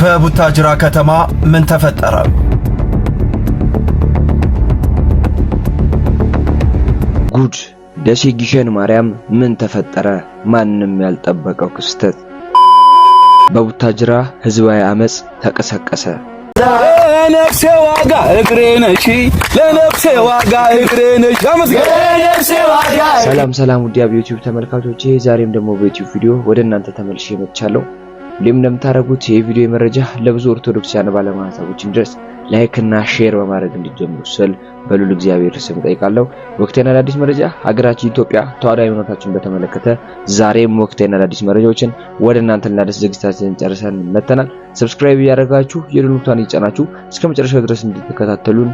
በቡታጅራ ከተማ ምን ተፈጠረ? ጉድ! ደሴ ጊሸን ማርያም ምን ተፈጠረ? ማንም ያልጠበቀው ክስተት በቡታጅራ ህዝባዊ አመፅ ተቀሰቀሰ። ለነፍሴ ዋጋ እግሬ ነሽ፣ ለነፍሴ ዋጋ እግሬ ነሽ። ሰላም ሰላም፣ ውዲያ በዩቲዩብ ተመልካቾቼ፣ ዛሬም ደግሞ በዩቲዩብ ቪዲዮ ወደ እናንተ ተመልሼ መጥቻለሁ። ሁሌም እንደምታደርጉት ቪዲዮ መረጃ ለብዙ ኦርቶዶክሳውያን ባለማህተቦች እንዲደርስ እና ሼር በማድረግ እንዲጀምሩ ስል በሉል እግዚአብሔር ስም ጠይቃለሁ። ወቅታዊና አዳዲስ መረጃ ሀገራችን ኢትዮጵያ ተዋሕዶ ሃይማኖታችን በተመለከተ ዛሬም ወቅታዊና አዳዲስ መረጃዎችን ወደ እናንተ ልናደርስ ዝግጅታችንን ጨርሰን መጥተናል። ሰብስክራይብ እያደረጋችሁ የሉል እየጫናችሁ እስከ መጨረሻው ድረስ እንድትከታተሉን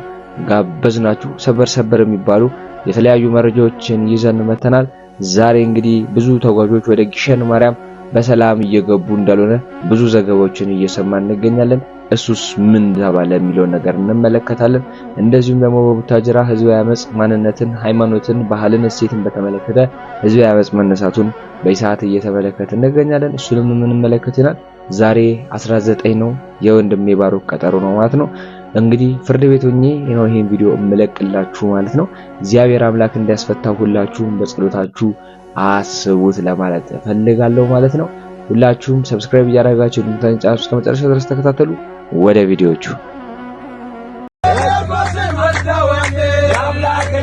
ጋበዝናችሁ። ሰበር ሰበር የሚባሉ የተለያዩ መረጃዎችን ይዘን መጥተናል። ዛሬ እንግዲህ ብዙ ተጓዦች ወደ ግሸን ማርያም በሰላም እየገቡ እንዳልሆነ ብዙ ዘገባዎችን እየሰማን እንገኛለን። እሱስ ምን ተባለ የሚለውን ነገር እንመለከታለን። እንደዚሁም ደግሞ በቡታጅራ ህዝባዊ አመፅ ማንነትን፣ ሃይማኖትን፣ ባህልን፣ እሴትን በተመለከተ ህዝባዊ አመፅ መነሳቱን በሰዓት እየተመለከት እንገኛለን። እሱንም የምንመለከት ይሆናል። ዛሬ 19 ነው የወንድም ባሮክ ቀጠሮ ነው ማለት ነው። እንግዲህ ፍርድ ቤት ሆኜ ይሄን ቪዲዮ እመለቅላችሁ ማለት ነው። እግዚአብሔር አምላክ እንዲያስፈታ ሁላችሁም በጸሎታችሁ አስቡት ለማለት እፈልጋለሁ ማለት ነው። ሁላችሁም ሰብስክራይብ እያደረጋችሁ ድምታን ጫኑ። እስከ መጨረሻ ድረስ ተከታተሉ። ወደ ቪዲዮቹ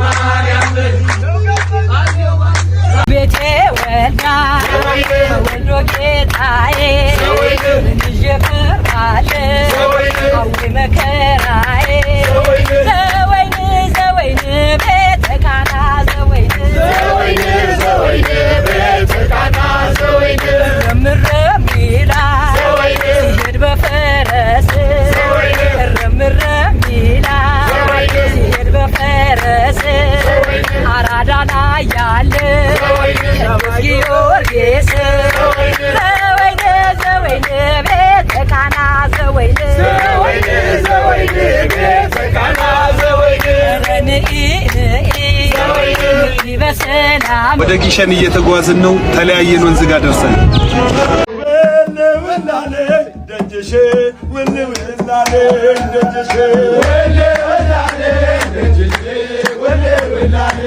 ማርያም ተረዳ ወዶ ጌታዬ ምንዤ ፈራለሁ አዌ መከራዬ ዘወይን ይላል ሲሄድ ይላል ፈረስ አራዳ ላይ ያለ ጊዮርጊስ ዘወይነ ቤተ ቃና ወደ ጊሸን እየተጓዝን ነው። ተለያየን። ወንዝ ጋር ደርሰን ደጀሼ ልጅ ወደ ወላለ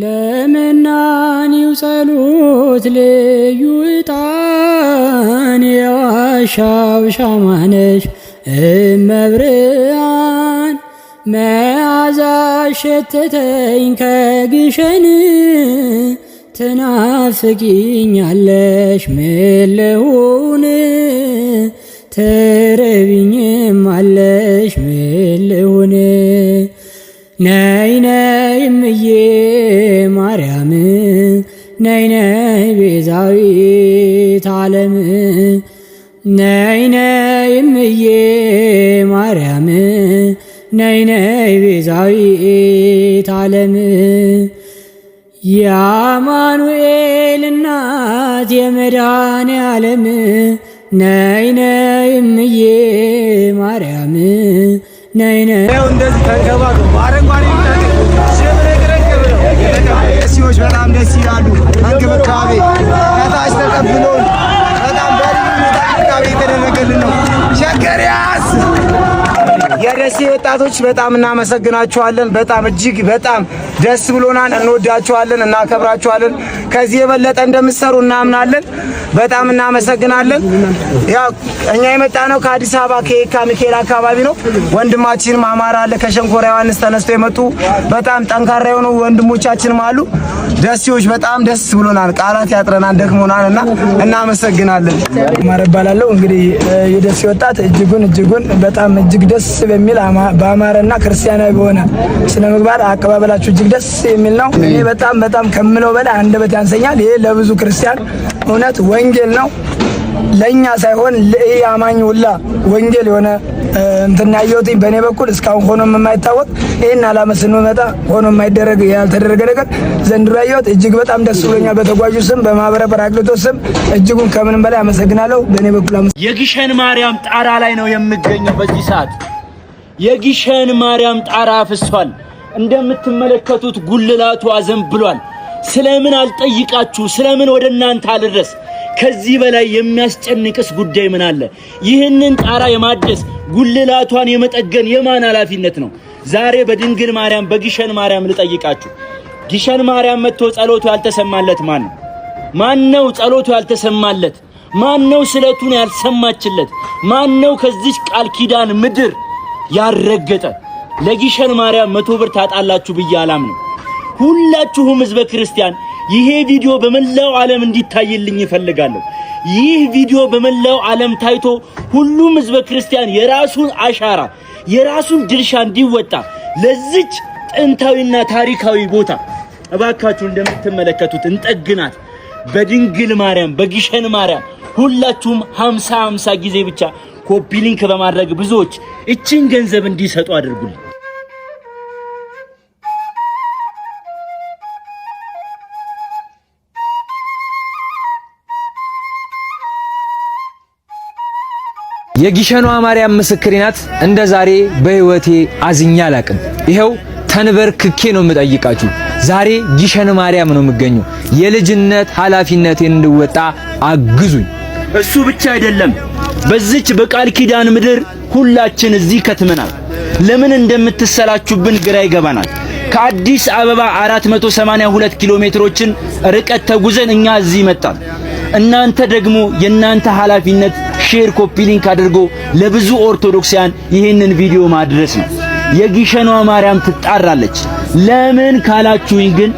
ለመናኒው ጸሎት ልዩ ዕጣን የዋሻው ሻማነሽ እመብርሃን መዓዛሽ ሸተተኝ ከግሸን ትናፍቂኛለሽ ምን ልሁን ትርብኝም አለሽ ምን ልሁን ነይ ነይ እምዬ ማርያም ነይ ነይ ቤዛዊት ዓለም ነይ ነይ እምዬ ማርያም ነይ ነይ ቤዛዊት ዓለም የአማኑኤል እናት የመድኃኔ ዓለም ነይ ነይ እምዬ ማርያም ነይ ነይ እንደዚህ ተንከባከቡ። አረንጓዴ ሲዎች በጣም ደስ ይላሉ። እንክብካቤ ከታች ተቀብሎን በጣም በልዩ ሁኔታ እንክብካቤ የተደረገልን ነው። querías. የደሴ ወጣቶች በጣም እናመሰግናችኋለን። በጣም እጅግ በጣም ደስ ብሎናል። እንወዳችኋለን፣ እናከብራችኋለን። ከዚህ የበለጠ እንደምትሰሩ እናምናለን። በጣም እናመሰግናለን። ያው እኛ የመጣ ነው ከአዲስ አበባ ከየካ ሚካኤል አካባቢ ነው። ወንድማችንም አማራ አለ ከሸንኮራ ዮሐንስ ተነስቶ የመጡ በጣም ጠንካራ የሆኑ ወንድሞቻችንም አሉ። ደሴዎች በጣም ደስ ብሎናል። ቃላት ያጥረናል፣ ደክሞናል እና እናመሰግናለን። ማረባላለሁ እንግዲህ የደሴ ወጣት እጅጉን እጅጉን በጣም እጅግ ደስ በሚል በአማረና ክርስቲያናዊ በሆነ ስነ ምግባር አቀባበላችሁ እጅግ ደስ የሚል ነው። እኔ በጣም በጣም ከምለው በላይ አንደበት ያንሰኛል። ይሄ ለብዙ ክርስቲያን እውነት ወንጌል ነው ለእኛ ሳይሆን አማኝ ሁላ ወንጌል የሆነ እንትና ያየሁትኝ በእኔ በኩል እስካሁን ሆኖ የማይታወቅ ይህን አላመት ስንመጣ ሆኖ የማይደረግ ያልተደረገ ነገር ዘንድሮ ያየሁት እጅግ በጣም ደስ ብሎኛል። በተጓዡ ስም በማህበረ ጰራቅሊጦስ ስም እጅጉን ከምንም በላይ አመሰግናለሁ። በእኔ በኩል የግሸን ማርያም ጣራ ላይ ነው የምገኘው በዚህ ሰዓት የግሸን ማርያም ጣራ አፍሷል። እንደምትመለከቱት ጉልላቱ አዘንብሏል። ስለምን አልጠይቃችሁ? ስለምን ወደ እናንተ አልድረስ? ከዚህ በላይ የሚያስጨንቅስ ጉዳይ ምን አለ? ይህንን ጣራ የማደስ ጉልላቷን የመጠገን የማን ኃላፊነት ነው? ዛሬ በድንግል ማርያም በግሸን ማርያም ልጠይቃችሁ። ግሸን ማርያም መጥቶ ጸሎቱ ያልተሰማለት ማን ነው? ማን ነው ጸሎቱ ያልተሰማለት? ማን ነው ስለቱን ያልሰማችለት? ማን ነው ከዚች ቃል ኪዳን ምድር ያረገጠ ለጊሸን ማርያም መቶ ብር ታጣላችሁ ብዬ አላምንም። ሁላችሁም ህዝበ ክርስቲያን ይሄ ቪዲዮ በመላው ዓለም እንዲታይልኝ ይፈልጋለሁ። ይህ ቪዲዮ በመላው ዓለም ታይቶ ሁሉም ህዝበ ክርስቲያን የራሱን አሻራ የራሱን ድርሻ እንዲወጣ ለዚች ጥንታዊና ታሪካዊ ቦታ እባካችሁ እንደምትመለከቱት እንጠግናት። በድንግል ማርያም በጊሸን ማርያም ሁላችሁም ሃምሳ ሃምሳ ጊዜ ብቻ ኮፒ ሊንክ በማድረግ ብዙዎች እችን ገንዘብ እንዲሰጡ አድርጉልኝ። የጊሸኗ ማርያም ምስክሬ ናት። እንደ ዛሬ በህይወቴ አዝኛ አላቅም። ይኸው ተንበርክኬ ነው የምጠይቃችሁ። ዛሬ ጊሸን ማርያም ነው የምገኘው። የልጅነት ኃላፊነቴን እንድወጣ አግዙኝ። እሱ ብቻ አይደለም በዚች በቃል ኪዳን ምድር ሁላችን እዚህ ከትመናል። ለምን እንደምትሰላችሁብን ግራ ይገባናል። ከአዲስ አበባ 482 ኪሎ ሜትሮችን ርቀት ተጉዘን እኛ እዚህ መጣን። እናንተ ደግሞ የእናንተ ኃላፊነት ሼር ኮፒ ሊንክ አድርጎ ለብዙ ኦርቶዶክሳውያን ይህንን ቪዲዮ ማድረስ ነው። የጊሸኗ ማርያም ትጣራለች። ለምን ካላችሁኝ ግን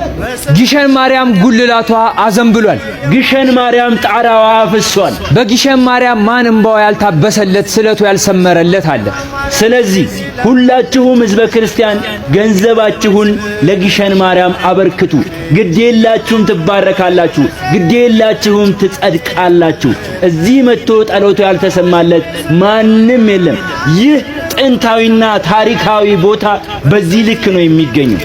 ጊሸን ማርያም ጉልላቷ አዘንብሏል። ጊሸን ማርያም ጣራዋ አፍሷል። በጊሸን ማርያም ማን እንባው ያልታበሰለት ስለቱ ያልሰመረለት አለ። ስለዚህ ሁላችሁም ሕዝበ ክርስቲያን ገንዘባችሁን ለጊሸን ማርያም አበርክቱ። ግዴላችሁም ትባረካላችሁ፣ ግዴላችሁም ትጸድቃላችሁ። እዚህ መጥቶ ጸሎቱ ያልተሰማለት ማንም የለም። ይህ ጥንታዊና ታሪካዊ ቦታ በዚህ ልክ ነው የሚገኘው።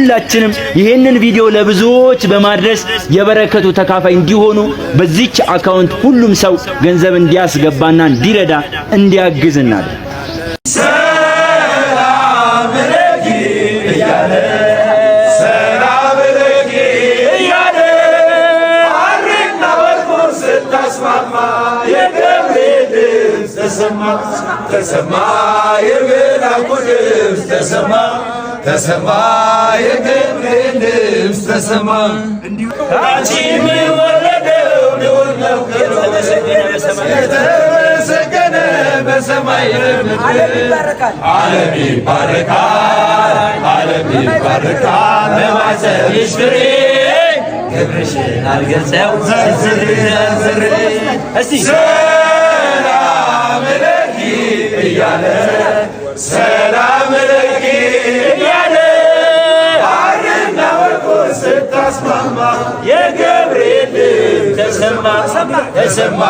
ሁላችንም ይህንን ቪዲዮ ለብዙዎች በማድረስ የበረከቱ ተካፋይ እንዲሆኑ በዚች አካውንት ሁሉም ሰው ገንዘብ እንዲያስገባና እንዲረዳ እንዲያግዝናል። እናድርግ። ተሰማ ተሰማ ተሰማ የገብር ልብስ ተሰማ አንቺ የሚወለደው ሊወለው የተመሰገነ በሰማይ ዓለም ይባረካል፣ ዓለም ይባረካል። በማኅፀንሽ ፍሬ ክብርሽን አልገልጸው ዝርዝር ዝርዝር ተሰማ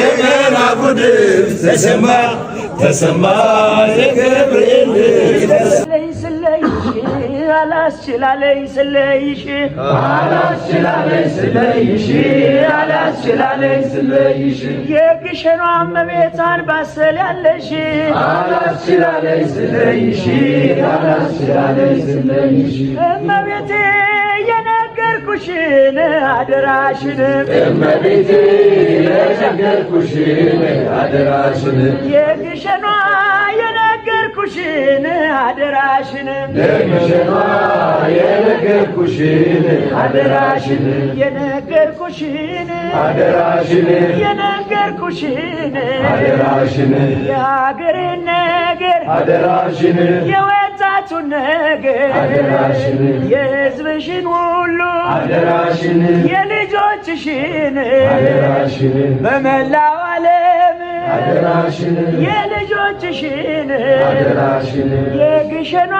የገና ጉድፍ ተሰማ ተሰማ የገብርኤል አላስችላለኝ ስለይሽ እመቤቴ የቸገርኩሽን አደራሽን እመቤቴ የቸገርኩሽን አደራሽን የግሸኗ የነገርኩሽን አደራሽን የግሸኗ የነገርኩሽን አደራሽን የነገርኩሽን አደራሽን የነገርኩሽን አደራሽን የሀገሬን ነገር አደራሽን የወ የእናቱን ነገር የሕዝብሽን ሁሉ የልጆችሽን በመላው ዓለም የልጆችሽን የግሸኗ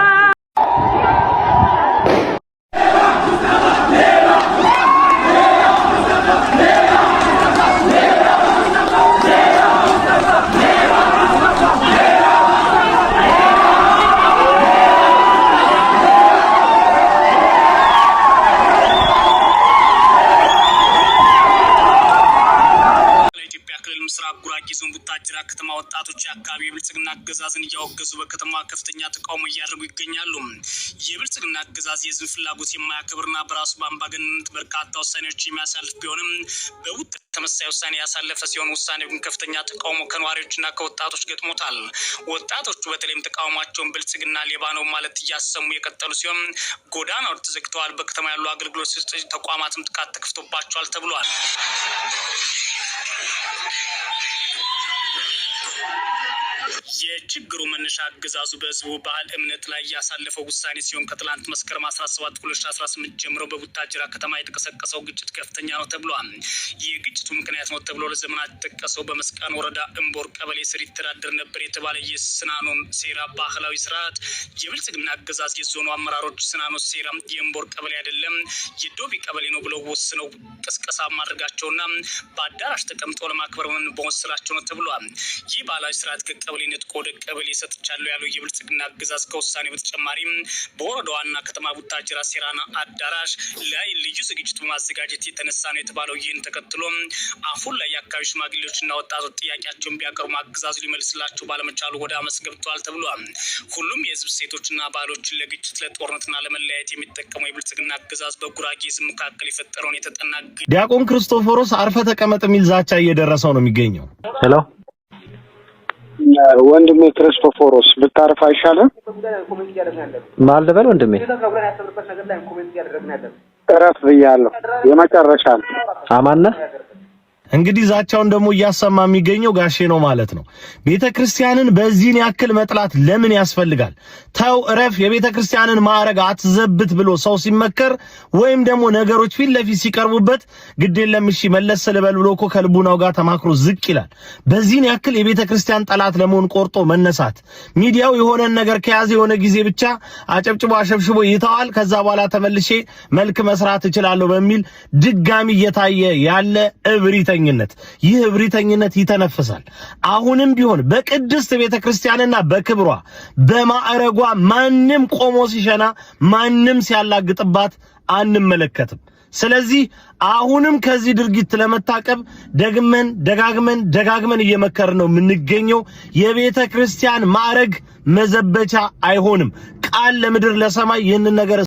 አገዛዝ የህዝብ ፍላጎት የማያከብርና በራሱ በአምባገነንነት በርካታ ውሳኔዎች የሚያሳልፍ ቢሆንም በውጥ ተመሳሳይ ውሳኔ ያሳለፈ ሲሆን ውሳኔ ግን ከፍተኛ ተቃውሞ ከነዋሪዎችና ከወጣቶች ገጥሞታል። ወጣቶቹ በተለይም ተቃውሟቸውን ብልጽግና ሌባ ነው ማለት እያሰሙ የቀጠሉ ሲሆን ጎዳናዎች ተዘግተዋል። በከተማ ያሉ አገልግሎት ሰጪ ተቋማትም ጥቃት ተከፍቶባቸዋል ተብሏል። የችግሩ መነሻ አገዛዙ በህዝቡ ባህል እምነት ላይ ያሳለፈው ውሳኔ ሲሆን ከትላንት መስከረም 17 2018 ጀምሮ በቡታጅራ ከተማ የተቀሰቀሰው ግጭት ከፍተኛ ነው ተብሏል። የግጭቱ ምክንያት ነው ተብሎ ለዘመናት የተጠቀሰው በመስቃን ወረዳ እምቦር ቀበሌ ስር ይተዳደር ነበር የተባለ የስናኖን ሴራ ባህላዊ ስርዓት የብልጽግና አገዛዝ የዞኑ አመራሮች ስናኖ ሴራ የእምቦር ቀበሌ አይደለም የዶቢ ቀበሌ ነው ብለው ወስነው ቅስቀሳ ማድረጋቸውና በአዳራሽ ተቀምጦ ለማክበር መሆን ነው ተብሏል። ይህ ባህላዊ ስርዓት ከቀበሌ ነጥቆ ወደ ቀበሌ ሰጥቻለሁ ያለው የብልጽግና አገዛዝ ከውሳኔ በተጨማሪም በወረዳ ዋና ከተማ ቡታጅራ ሴራና አዳራሽ ላይ ልዩ ዝግጅት በማዘጋጀት የተነሳ ነው የተባለው። ይህን ተከትሎ አሁን ላይ የአካባቢ ሽማግሌዎችና ወጣቶች ጥያቄያቸውን ቢያቀርቡ አገዛዙ ሊመልስላቸው ባለመቻሉ ወደ አመፅ ገብተዋል ተብሏል። ሁሉም የህዝብ ሴቶችና ባህሎችን ለግጭት ለጦርነትና ለመለያየት የሚጠቀመው የብልጽግና አገዛዝ በጉራጌ ህዝብ መካከል የፈጠረውን የተጠና ዲያቆን ክርስቶፎሮስ አርፈ ተቀመጥ የሚል ዛቻ እየደረሰው ነው የሚገኘው። ሄሎ ወንድሜ ክርስቶፎሮስ ብታርፍ አይሻልም? ማን ልበል ወንድሜ? እረፍ ብያለሁ። የመጨረሻ ነው። አማን ነህ? እንግዲህ ዛቻውን ደግሞ እያሰማ የሚገኘው ጋሼ ነው ማለት ነው። ቤተ ክርስቲያንን በዚህን ያክል መጥላት ለምን ያስፈልጋል? ተው እረፍ፣ የቤተ ክርስቲያንን ማዕረግ አትዘብት ብሎ ሰው ሲመከር ወይም ደግሞ ነገሮች ፊት ለፊት ሲቀርቡበት ግድ የለም እሺ መለስ ልበል ብሎ እኮ ከልቡናው ጋር ተማክሮ ዝቅ ይላል። በዚህን ያክል የቤተ ክርስቲያን ጠላት ለመሆን ቆርጦ መነሳት፣ ሚዲያው የሆነን ነገር ከያዘ የሆነ ጊዜ ብቻ አጨብጭቦ አሸብሽቦ ይተዋል። ከዛ በኋላ ተመልሼ መልክ መስራት እችላለሁ በሚል ድጋሚ እየታየ ያለ እብሪተኛ እብሪተኝነት ይህ እብሪተኝነት ይተነፍሳል። አሁንም ቢሆን በቅድስት ቤተ ክርስቲያንና በክብሯ በማዕረጓ ማንም ቆሞ ሲሸና ማንም ሲያላግጥባት አንመለከትም። ስለዚህ አሁንም ከዚህ ድርጊት ለመታቀብ ደግመን ደጋግመን ደጋግመን እየመከር ነው የምንገኘው። የቤተ ክርስቲያን ማዕረግ መዘበቻ አይሆንም። ቃል ለምድር ለሰማይ ይህንን ነገር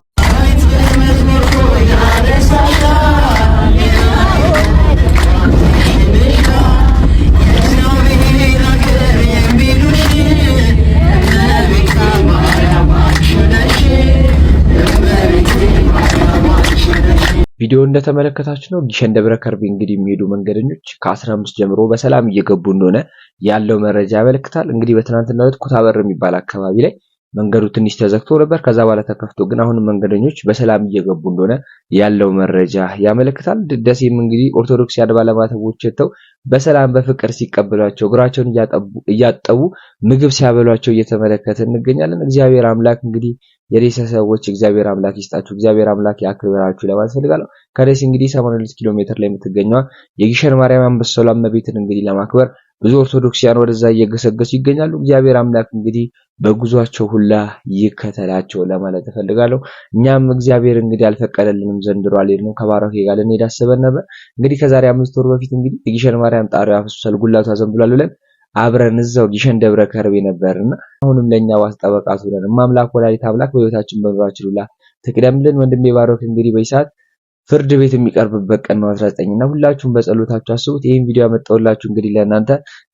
ቪዲዮ እንደተመለከታችሁ ነው ጊሸን ደብረ ከርቤ እንግዲህ የሚሄዱ መንገደኞች ከ15 ጀምሮ በሰላም እየገቡ እንደሆነ ያለው መረጃ ያመለክታል። እንግዲህ በትናንትና ዕለት ኩታበር የሚባል አካባቢ ላይ መንገዱ ትንሽ ተዘግቶ ነበር። ከዛ በኋላ ተከፍቶ ግን አሁንም መንገደኞች በሰላም እየገቡ እንደሆነ ያለው መረጃ ያመለክታል። ደሴም እንግዲህ ኦርቶዶክስ ያድ ባለማተቦች ተው በሰላም በፍቅር ሲቀበሏቸው እግራቸውን እያጠቡ ምግብ ሲያበሏቸው እየተመለከተ እንገኛለን። እግዚአብሔር አምላክ እንግዲህ የሬሳ ሰዎች እግዚአብሔር አምላክ ይስጣችሁ፣ እግዚአብሔር አምላክ ያክብራችሁ ለማለት ፈልጋለሁ። ከደሴ እንግዲህ 82 ኪሎ ሜትር ላይ የምትገኘው የግሸን ማርያም አንበሳው እመቤትን እንግዲህ ለማክበር ብዙ ኦርቶዶክሲያን ወደዛ እየገሰገሱ ይገኛሉ። እግዚአብሔር አምላክ እንግዲህ በጉዟቸው ሁላ ይከተላቸው ለማለት እፈልጋለሁ። እኛም እግዚአብሔር እንግዲህ አልፈቀደልንም፣ ዘንድሮ አልሄድንም። ከባራኬ ጋር ልንሄድ አስበን ነበር። እንግዲህ ከዛሬ አምስት ወር በፊት እንግዲህ የግሸን ማርያም ጣሪያ አፍሷል፣ ጉላቱ አዘንብሏል ብለን አብረን እዛው ጊሸን ደብረ ከርቤ ነበርና አሁንም ለኛ ዋስ ጠበቃ ትሆነን እማምላክ ወላዲት አምላክ በሕይወታችን በኑሯችን ሁላ ትቅደምልን። ወንድሜ ባሮክ እንግዲህ በይሰዓት ፍርድ ቤት የሚቀርብበት ቀን ነው 19 እና ሁላችሁም በጸሎታችሁ አስቡት። ይህን ቪዲዮ ያመጣሁላችሁ እንግዲህ ለእናንተ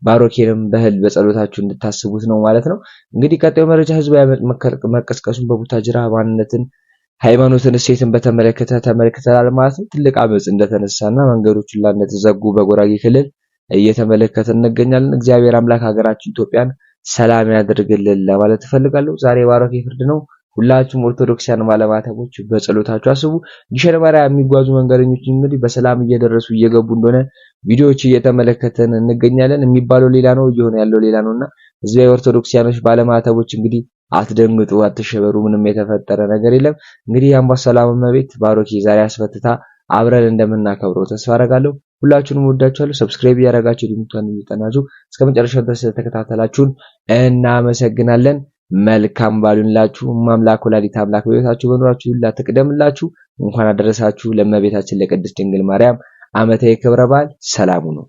ባሮኬንም በህል በጸሎታችሁ እንድታስቡት ነው ማለት ነው። እንግዲህ ቀጣዩ መረጃ ህዝቡ መቀስቀሱን በቡታጅራ ማንነትን ሃይማኖትን እሴትን በተመለከተ ተመልክተናል ማለት ነው። ትልቅ አመፅ እንደተነሳና መንገዶች ሁላ እንደተዘጉ በጉራጌ ክልል እየተመለከትን እንገኛለን። እግዚአብሔር አምላክ ሀገራችን ኢትዮጵያን ሰላም ያድርግልን ለማለት እፈልጋለሁ። ዛሬ ባሮኬ ፍርድ ነው። ሁላችሁም ኦርቶዶክሳን ባለማተቦች በጸሎታችሁ አስቡ። ግሸን ማርያም የሚጓዙ መንገደኞች እንግዲህ በሰላም እየደረሱ እየገቡ እንደሆነ ቪዲዮዎች እየተመለከተን እንገኛለን። የሚባለው ሌላ ነው፣ እየሆነ ያለው ሌላ ነውና እዚያ የኦርቶዶክሳውያኖች ባለማተቦች እንግዲህ አትደንግጡ፣ አትሸበሩ። ምንም የተፈጠረ ነገር የለም። እንግዲህ ሰላም እመቤት ባሮኬ ዛሬ አስፈትታ አብረን እንደምናከብረው ተስፋ አደርጋለሁ። ሁላችሁንም ወዳችኋለሁ። ሰብስክራይብ እያደረጋችሁ ድምቷን እየጠናችሁ እስከ መጨረሻው ድረስ ስለተከታተላችሁን እናመሰግናለን። መልካም ባሉንላችሁ ማምላክ ወላዲት አምላክ በቤታችሁ በኑራችሁ ሁላ ትቅደምላችሁ። እንኳን አደረሳችሁ ለእመቤታችን ለቅድስት ድንግል ማርያም ዓመታዊ ክብረ በዓል ሰላሙ ነው።